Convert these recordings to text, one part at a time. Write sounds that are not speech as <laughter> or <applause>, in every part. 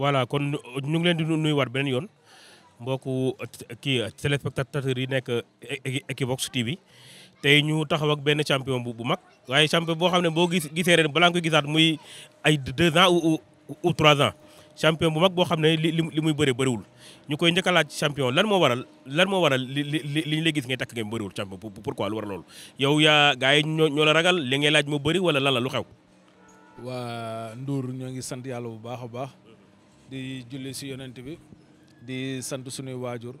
voilà kon ñu ngi leen di nuyuwaat beneen yoon mbokku kii téléspectateurs yi nekk Equivox TV tey ñu taxaw ak benn champion bu bu mag waaye champion boo xam ne boo gis gisee ren balaa nga gisaat muy ay deux ans ou ou trois ans champion bu mag boo xam ne li li muy bëree bëriwul ñu koy njëkk a champion lan moo waral lan moo wara li li li ñu lay gis ngay takk ngeen bëriwul champion pourquoi lu waral loolu yow yaa gars yi ñoo la ragal li ngay laaj mu bëri wala lan la lu xew. waa Ndour ñoo ngi sant yàlla bu baax a baax. di julli si yonent bi di sant suñuy waajur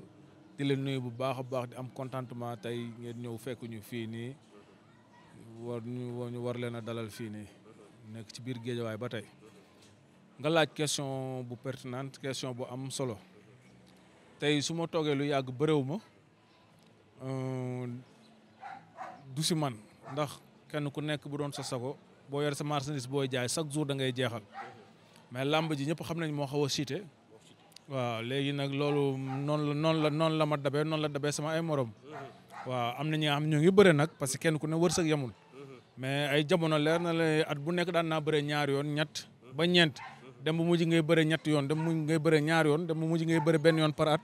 di leen nuyu bu baax a baax di am contentement tey ngeen ñëw fekkuñu ñu fii nii war ñu war leen a dalal fii nii nekk ci biir géejawaay ba tey nga laaj question bu pertinente question bu am solo tey su ma toogee lu yàgg bëréw ma euh, du si man ndax kenn ku nekk bu doon sa sago boo yore sa marchandise booy jaay chaque jour da ngay jeexal mais làmb ji ñëpp xam nañ moo xaw a siite waaw léegi nag loolu noonu la noonu la noonu la ma dabee noonu la dabee sama ay morom mm-hmm. waaw am na ñi nga xam ñoo ngi bëre nag parce que kenn ku ne wërsëg yamul mm-hmm. mais ay jamono leer na la at bu nekk daan naa bëre ñaar yoon ñett ba mm-hmm. ñeent dem bu mujj ngay bëre ñett yoon dem bu mujj ngay bëre ñaar yoon dem bu mujj ngay bëre benn yoon par at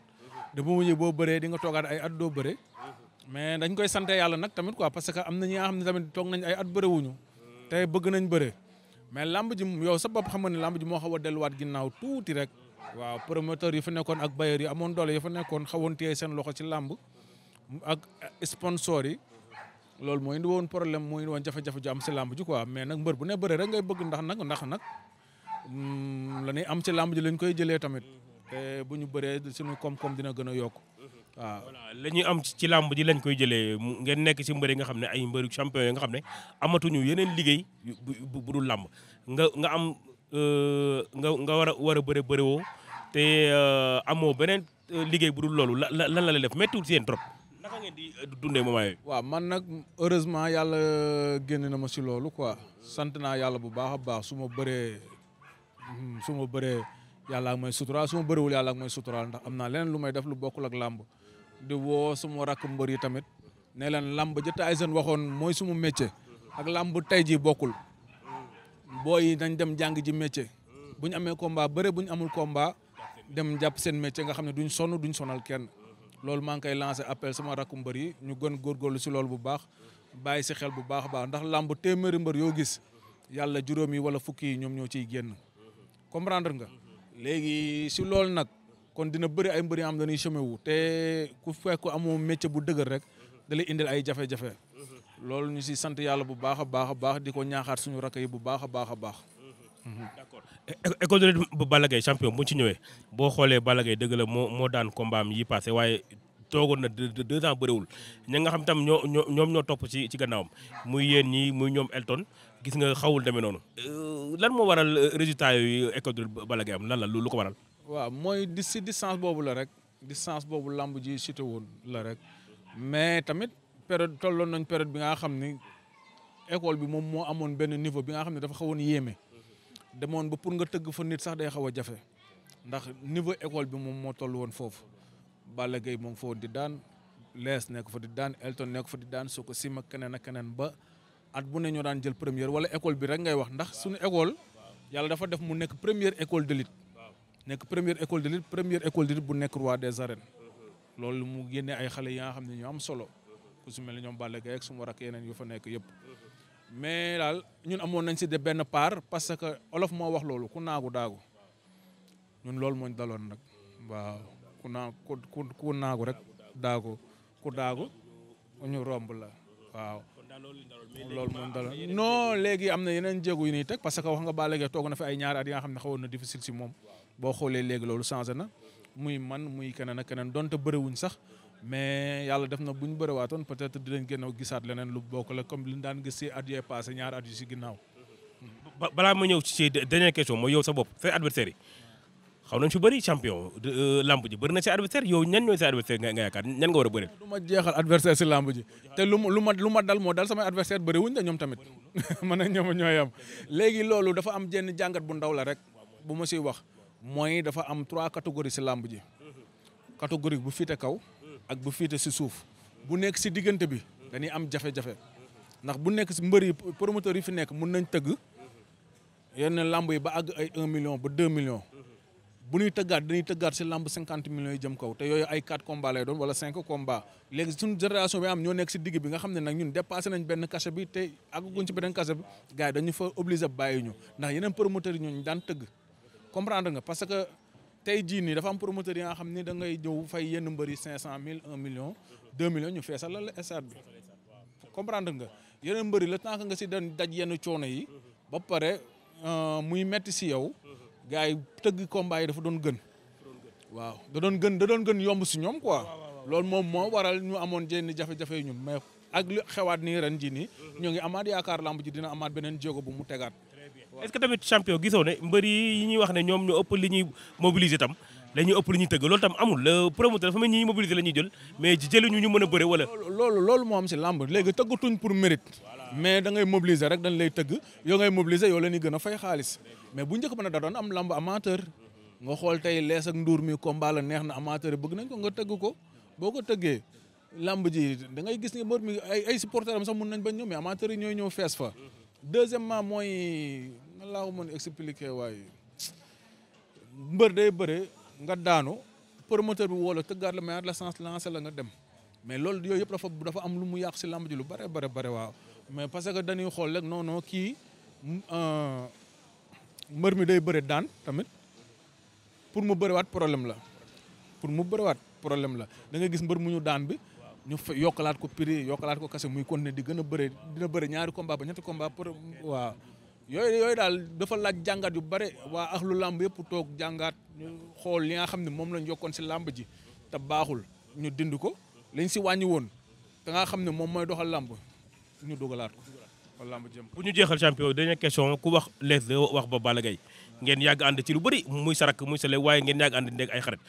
dem bu mujj boo bëree di nga toogaat ay at doo bëre mais dañ koy sante yàlla nag tamit quoi parce que am na ñi nga xam ne tamit toog nañ ay at bëre tey bëgg nañ bëre mais lamb ji yow sa bopp xam nga ne lamb ji moo xaw a delluwaat ginnaaw tuuti rek waaw promoteur yi fa nekkoon ak bailleur yi amoon doole yi fa nekkoon xawoon téye seen loxo ci lamb ak sponsor yi loolu moo indi woon problème mooy indi woon jafe-jafe ju am si lamb ji quoi mais nag mbër bu ne bëre rek ngay bëgg ndax nag ndax nag mm, la am ci lamb ji lañ koy jëlee tamit bu ñu bëree suñu koom-koom dina gën a yokk waaw voilà la ñuy am ci làmb ji lañ koy jëlee ngeen nekk si mbëri nga xam ne ay mbëri champion yi nga xam ne amatuñu yeneen liggéey bu dul lamb nga nga am euh, nga nga war a war a bëre bëre woo te euh, amoo beneen euh, liggéey bu dul loolu la la la lay def méttiwul si yéen trop. naka ngeen di dundee moment yooyu. waaw man nag heureusement yàlla génne na ma si loolu quoi sant naa yàlla bu baax a baax su ma bëree hmm, su ma bëree yàlla ak may suturaal su ma bëriwul yàlla ak may ndax am naa leneen lu may def lu bokkul ak làmb. di woo suma rakk mbër yi tamit ne leen lamb ja Tyson waxoon mooy sumu métier ak lamb tey ji bokkul booy yi nañ dem jàng ji métier bu ñu amee combat bëre bu ñu amul combat dem jàpp seen métier nga xam ne duñ sonn duñ sonal kenn loolu maa ngi koy lancé appel sama rakku mbër yi ñu gën góorgóorlu si lool bu baax bàyyi si xel bu baax a baax ndax làmb téeméeri mbër yoo gis yàlla juróom yi wala fukki yi ñoom ñoo ciy génn comprendre nga léegi si loolu nag kon dina bëri ay mbëri am dañuy chômer wu te ku fekk amoo métier bu dëgër rek dalay lay indil ay jafe-jafe loolu ñu si sant yàlla bu baax a baax a baax di ko ñaaxaat suñu rakk yi bu baax a baax a baax. d'accord école de lutte bu Balla Gaye champion bu ñu ci ñëwee boo xoolee Balla dëgër la moo moo daan combat am yi passé waaye toogoon na deux ans bëriwul ñi nga xam tam ñoo ñoom ñoo topp ci ci gannaawam muy yéen ñi muy ñoom Elton gis nga xawul demee noonu. Euh, lan moo waral euh, résultat yooyu école de lutte am lan la lu ko waral. waaw mooy di si distance boobu la rek distance boobu lamb ji cité woon la rek mais tamit période tolloon nañ période bi nga xam ni école bi moom moo amoon benn niveau bi nga xam ne dafa xawoon yéeme demoon ba pour nga tëgg fa nit sax day xaw a jafe ndax niveau école bi moom moo toll woon foofu Balla Gaye moom fa di daan lees nekk fa di daan Elton nekk fa di daan soo ko sima keneen ak keneen ba at bu ne ñoo daan jël première wala école bi rek ngay wax ndax suñu école yàlla dafa def mu nekk première école de lutte nekk première école de lutte première école de lutte bu nekk roi des arènes loolu mu génne ay xale yi xam ne ñu am solo ku si mel ne ñoom Balla Gaye ak suma rak yeneen yu fa nekk yëpp mais daal ñun amoon nañ si de benn part parce que olof moo wax loolu ku naagu daagu ñun loolu moo daloon nag waaw ku naa ku ku naagu rek daagu ku daagu ñu romb la waaw loolu moom daloon non léegi am na yeneen jéego yu ñuy teg parce que wax nga Balla Gaye toog na fi ay ñaari at yi xam ne xawoon na difficile si moom boo xoolee léegi loolu changé na muy man muy keneen ak keneen donte bëriwuñ sax mais yàlla def na bu ñu peut être dinañ gën a gisaat leneen lu bokk la comme li daan gis si at yee passé ñaari at yu si ginnaaw. balaa ma ñëw ci dernière question mooy yow sa bopp say adversaire xaw nañ fi bëri champion euh, lamb ji bëri na si adversaire yow ñan ñooy si adversaire nga yaakaar ñan nga war a bëri du ma jeexal adversaire si lamb ji te lu lu ma lu ma dal moo dal samay adversaire bëri wuñ de ñoom tamit <laughs> man ak ñoom ñooy léegi loolu dafa am jenn jàngat bu ndaw la rek bu ma siy wax mooy dafa am trois catégories si lamb ji catégorie bu fiite kaw ak bu fiite si suuf bu nekk si diggante bi dañuy am jafe-jafe ndax bu nekk si mbër yi promoteur yi fi nekk mun nañ tëgg yenn lamb yi ba àgg ay un ba deux millions bu ñuy tëggaat dañuy tëggaat si lamb cinquante millions yi jëm kaw te yooyu ay quatre combats lay doon wala cinq combats léegi suñu génération bi am ñoo nekk si digg bi nga xam ne nag ñun dépassé nañ benn cachet bi te àgguñ si beneen cachet bi gars dañu fa obligé bàyyi ñu ndax que tey jii nii dafa am promoteurs yi nga xam ne da ngay ñëw fay yenn mbër yi cinq cent mille un million deux millions ñu feesal la stade bi comprendre nga yeneen mbër yi le temps nga si doon daj yenn coono yi ba pare euh, muy metti si yow gars yi tëgg combat yi dafa doon gën. waaw da doon gën da doon gën yomb si ñoom quoi. loolu moom moo waral ñu amoon jenn jafe-jafe ñun mais ak li xewaat ni ren ji ni ñoo ngi amaat yaakaar lamb ji dina amaat beneen jéego bu mu tegaat. est ce que tamit champion gisoo ne mbër yi ñuy wax ne ñoom ñu ëpp li ñuy mobiliser tam la ñuy ëpp li ñuy tëgg loolu tam amul le promoteur dafa mel ni ñuy mobiliser la ñuy jël mais jëluñu ñu mën a bëre wala. loolu loolu moo am si lamb léegi tëggatuñ pour mérite. mais da ngay mobiliser rek dañ lay tëgg yoo ngay mobiliser yoo la di gën a fay xaalis mais bu njëkk ba nag da doon am lamb amateur nga xool tey lees ak nduur mi combat la neex na amateur bëgg nañ ko nga tëgg ko boo ko tëggee lamb ji ngay gis ne mi ay ay supporter am sax mun nañ bañ ñëw mais amateur yi ñooy ñëw fees fa deuxièmement mooy na laa ko mën expliquer waaye mbër day bëre nga daanu promoteur bi woo la tëggaat la mayaat la sens lancé la nga dem mais loolu yooyu yëpp dafa dafa am lu mu yàq si lamb ji lu bare bare bare waaw mais parce que dañuy xool rek non non kii euh, mbër mi day bëri daan tamit pour mu bëriwaat problème la pour mu bëriwaat problème la da gis mbër mu ñu daan bi ñu yokkalaat ko prix yokkalaat ko kase muy continuer di gën a bëri dina bëri ñaari combat ba ñetti combat pour waaw yooyu daal dafa laaj jàngat yu bare waa axlu làmb yëpp toog jàngaat ñu xool li nga xam ne moom lañ yokkoon si làmb ji te baaxul ñu dind ko lañ si wàññi woon te nga xam ne moom mooy doxal làmb ñu dugalaat ko wala lamb jëm bu ñu jeexal champion dañu question ku wax lees wax ba Balla Gaye ngeen yàgg ànd ci lu bëri muy sarak muy sale waaye ngeen yàgg ànd nekk ay xarit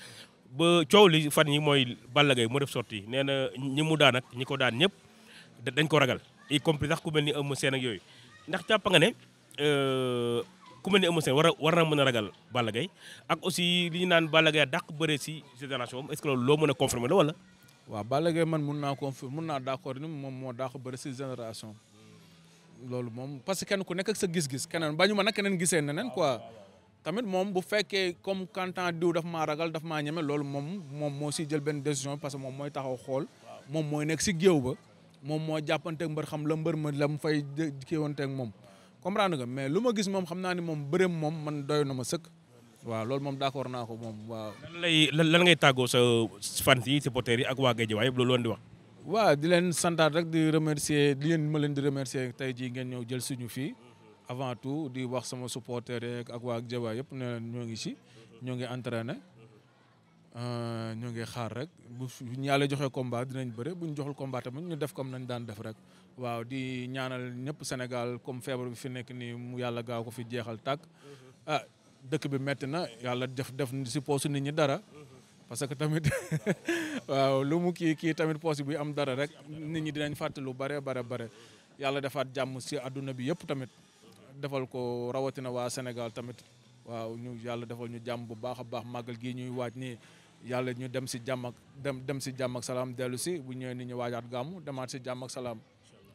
ba coow li fan yi mooy Balla Gaye mu def sorti nee na ñi mu daan ñi ko daan ñëpp dañ ko ragal y compris sax ku mel ni Eumeu Sène ak yooyu ndax jàpp nga ne euh, ku mel ni Eumeu Sène war a war na mën a ragal Balla Gaye ak aussi li ñu naan Balla Gaye dàq bëre si génération am est-ce que loolu loo mën a confirmer la wala waaw Balla Gaye man mun naa confirme mun naa d' accord moom moo dàq bëri si génération loolu moom parce que kenn ku nekk ak sa gis-gis keneen bañu ma nag keneen gisee neneen quoi tamit moom bu fekkee comme kantan diw daf maa ragal daf maa ñeme loolu moom moom moo si jël benn décision parce que moom mooy taxaw xool moom mooy nekk si géew ba moom moo jàppanteeg mbër xam la mbër ma la mu fay kiiwanteeg moom comprendre nga mais lu ma gis moom xam naa ni moom bëreem moom man doy na ma sëkk waaw loolu moom d'accord naa ko moom waaw. lan lay lan ngay tàggoo sa fans yi supporters yi ak waa Guédiawaye yëpp loolu di wax. waa di leen santaat rek di remercier di leen ma leen di remercier tey jii ngeen ñëw jël suñu fii avant tout di wax sama supporters yeeg ak waa Guédiawaye yëpp ne ñoo ngi si ñoo ngi entraîné euh, ñoo ngi xaar rek bu ñu yàlla joxee combat dinañ bëre bu ñu joxul combat tamit ñu def comme nañ daan def rek waaw di ñaanal ñëpp Sénégal comme feebar bi fi nekk nii mu yàlla gaaw ko fi jeexal tàkk ah, dëkk bi metti na yàlla def def si poosu nit ñi dara parce que tamit <laughs> waaw lu mu kii kii tamit poos bi am dara rek nit ñi dinañ fàtte lu bare bare bare yàlla defaat jàmm si àdduna bi yëpp tamit defal ko rawatina waa Sénégal tamit waaw ñu yàlla defal ñu jàmm bu baax a baax màggal gii ñuy waaj nii yàlla ñu dem si jàmm ak dem dem si jàmm ak salaam dellu si bu ñëwee ni ñu waajaat gàmmu demaat si jàmm ak salaam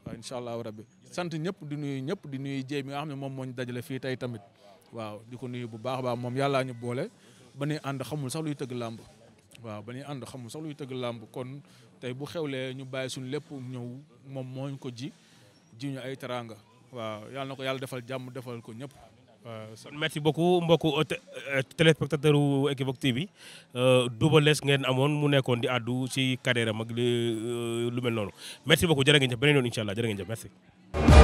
waaw incha allahu rabbi sant ñëpp di nuyu ñëpp di nuyu jéem yi nga xam ne moom moo ñu dajale fii tey tamit waaw di ko nuyu bu baax baax moom yàllaa ñu boole ba ñuy ànd xamul sax luy tëgg làmb waaw ba ñuy ànd xamul sax luy tëgg làmb kon tey bu xew xewlee ñu bàyyi suñu lépp ñëw moom moo ñu ko ji ji ñu ay teraanga waaw yàlla ko yàlla defal jàmm defal ko ñëpp. kon merci beaucoup mbokku euh, téléspectateur u Equivox TV euh, Double Less ngeen amoon mu nekkoon di àddu ci carrière am ak euh, lu mel noonu merci beaucoup jërë ngeen jëf beneen yoon incha allah jërë ngeen jëf